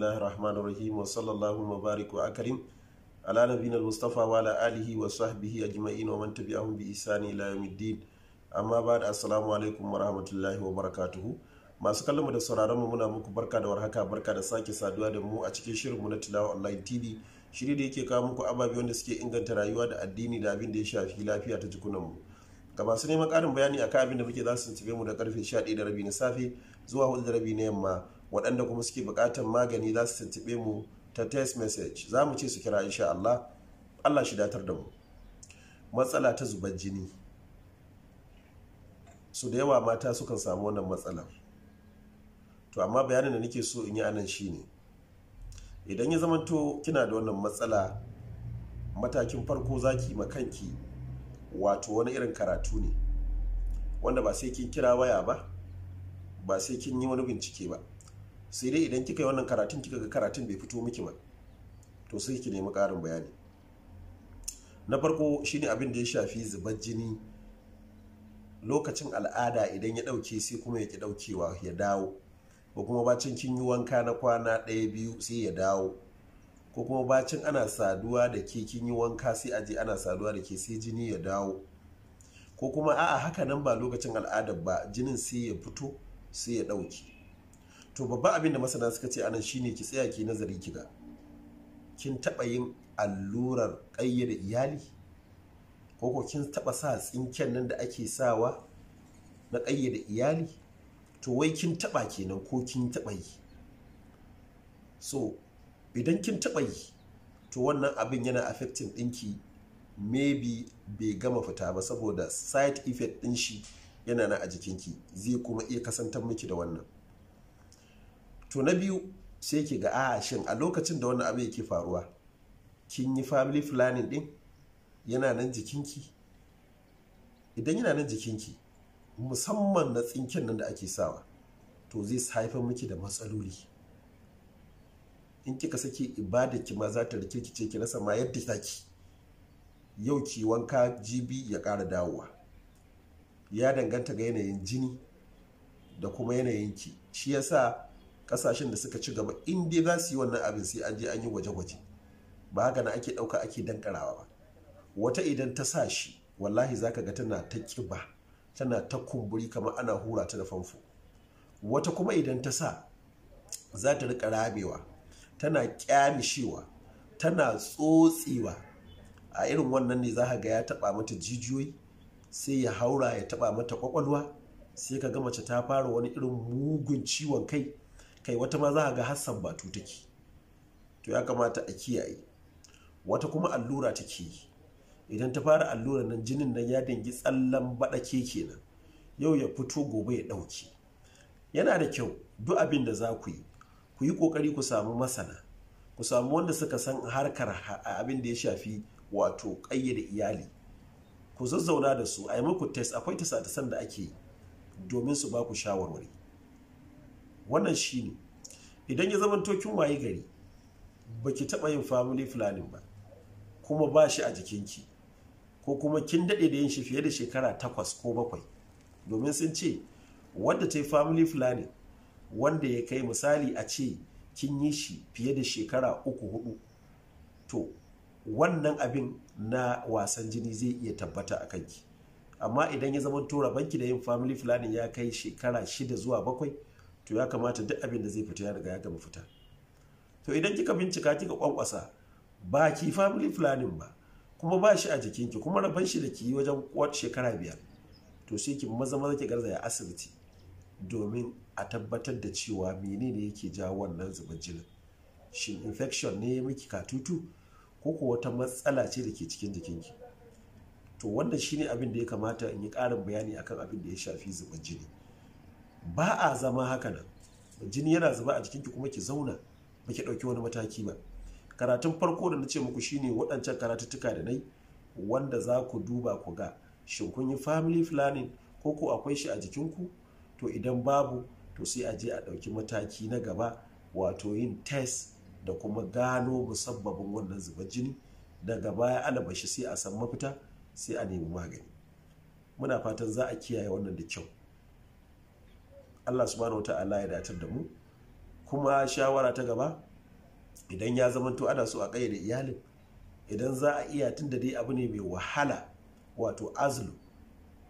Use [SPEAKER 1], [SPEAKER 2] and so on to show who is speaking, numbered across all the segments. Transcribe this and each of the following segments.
[SPEAKER 1] bismillahir rahmanir rahim wa sallallahu wa barik wa akarim ala nabiyina mustafa wa ala alihi wa sahbihi ajma'in wa man tabi'ahum bi isani ila yawmiddin amma ba'da assalamu alaikum wa rahmatullahi wa barakatuhu masu kallon mu da sauraron mu muna muku barka da warhaka barka da sake saduwa da mu a cikin shirin mu na tilawa online tv shiri da yake kawo muku ababe wanda suke inganta rayuwa da addini da abin da ya shafi lafiya ta jikunan mu ga masu neman karin bayani akan abin da muke za su mu da karfe 11 da rabi na safe zuwa 4 da rabi na yamma waɗanda kuma suke buƙatar magani za su tuntuɓe mu ta text message za mu ce su kira insha Allah Allah shi datar da mu matsala ta zubar jini su da yawa mata sukan samu wannan matsalar to amma bayanin da nake so in yi anan shi ne. idan ya zamanto kina da wannan matsala matakin farko zaki ma kanki wato wani irin karatu ne wanda ba sai kin kira waya ba ba sai kin yi wani bincike ba sai dai idan kika yi wannan karatun kika ga karatun bai fito miki ba to sai ki nemi ƙarin bayani na farko shine abin da ya shafi zubar jini lokacin al'ada idan ya ɗauke sai kuma ya ki ɗaukewa ya dawo ko kuma bacin kin yi wanka na kwana ɗaya biyu sai ya dawo ko kuma bacin ana saduwa da ke kin yi wanka sai a je ana saduwa da ke sai jini ya dawo ko kuma a'a haka nan ba lokacin al'adar ba jinin sai ya fito sai ya ɗauke to babban abin da masana suka ce anan shine ki tsaya ki nazari ki ga kin taɓa yin allurar ƙayyade iyali ko ko kin taɓa sa tsinken nan da ake sawa na ƙayyade iyali to wai kin taɓa kenan ko kin taɓa yi so idan kin taɓa yi to wannan abin yana affecting dinki, maybe bai gama fita ba saboda side effect din shi yana na a jikinki zai kuma iya kasantar miki da wannan to na biyu sai ki ga a shin a lokacin da wani abu yake faruwa kin yi family planning din yana nan jikinki idan yana nan jikinki musamman na tsinken nan da ake sawa to zai haifa miki da matsaloli in kika saki ki ma za ta rikirkice ki rasa ma yadda zaki yau ki wanka jibi ya ƙara dawowa ya danganta ga yanayin jini da kuma yanayin ki, shi yasa kasashen da suka ci gaba in dai za su yi wannan abin sai an je an yi gwaje-gwaje ba haka na ake ɗauka ake dankarawa ba wata idan ta sa shi wallahi za ka ga tana ta ƙiba tana ta kumburi kamar ana hura ta da famfo wata kuma idan ta sa za ta riƙa ramewa tana ƙyamishewa tana tsotsewa a irin wannan ne za ka ga ya taɓa mata jijiyoyi sai ya haura ya taɓa mata ƙwaƙwalwa sai ka ga mace ta fara wani irin mugun ciwon kai kai wata ma za a ga hassan batu take to ya kamata a kiyaye wata kuma allura take yi idan ta fara allura nan jinin nan ya dangi tsallan baɗake kenan yau ya fito gobe ya ɗauki yana da kyau duk abin da za ku yi ku yi ƙoƙari ku samu masana ku samu wanda suka san harkar abin da ya shafi wato ƙayyade iyali ku zazzauna da su a yi muku test akwai tasa da ake yi domin su ba ku shawarwari wannan shi ne idan ya zama tokin waye gari baki taɓa yin family planning ba kuma ba shi a jikinki ko kuma kin daɗe da yin shi fiye da shekara takwas ko bakwai domin sun ce wanda ta yi family planning wanda ya kai misali a ce kin yi shi fiye da shekara uku hudu to wannan abin na wasan jini zai iya tabbata a kanki amma idan ya zama tora banki da yin family planning ya kai shekara shida zuwa bakwai to ya kamata duk abin da zai fita ya riga ya gama fita to idan kika bincika kika kwankwasa ba ki family planning ba kuma ba shi a jikinki kuma raban shi da ki wajen kwat shekara biyar to sai ki maza maza ki garzaya asibiti domin a tabbatar da cewa menene yake jawo wannan zubar jinin shin infection ne miki katutu ko ko wata matsala ce da ke cikin jikinki to wannan shine abin da ya kamata in yi karin bayani akan abin da ya shafi zubar jini ba a zama haka nan jini yana zuba a jikinki kuma ki zauna ba ki ɗauki wani mataki ba karatun farko da na ce muku shine waɗancan karatuttuka da nai wanda za ku duba ku ga shin kun yi family planning ko ku akwai shi a jikinku to idan babu to sai a je a ɗauki mataki na gaba wato yin test da kuma gano musabbabin wannan zubar jini daga baya alabashi sai a san mafita sai a nemi magani muna fatan za a kiyaye wannan da kyau Allah subhanahu wata'ala ya datar da mu kuma shawara ta gaba idan ya zamanto ana so a kayyade iyalin idan za a iya tun da dai abu ne mai wahala wato azlu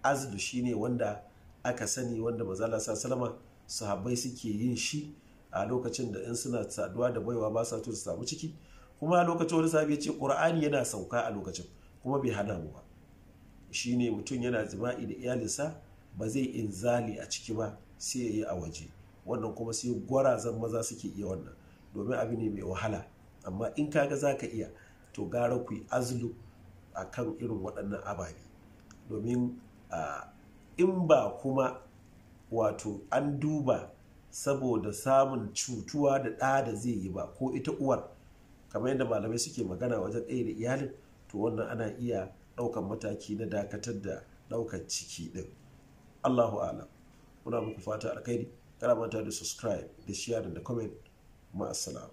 [SPEAKER 1] azlu shine wanda aka sani wanda mazala sa salama sahabbai suke yin shi a lokacin da in suna saduwa da baiwa ba sa to su samu ciki kuma a lokacin wani sabi ya ce qur'ani yana sauka a lokacin kuma bai hana mu ba shine mutum yana jima'i da iyalinsa ba zai inzali a ciki ba sai ya yi a waje wannan kuma sai gwarazan maza suke iya wannan domin abu ne mai wahala amma in kaga za ka iya to gara ku azulu azlu a kan irin waɗannan ababe domin in ba kuma wato an duba saboda samun cutuwa da ɗa da zai yi ba ko ita uwar kamar yadda malamai suke magana wajen ɗaya da iyalin to wannan ana iya ɗaukan mataki na dakatar da ɗaukar ciki ɗin allahu alam muna muku fata alkhairi kana manta da subscribe da share da comment ma'assalam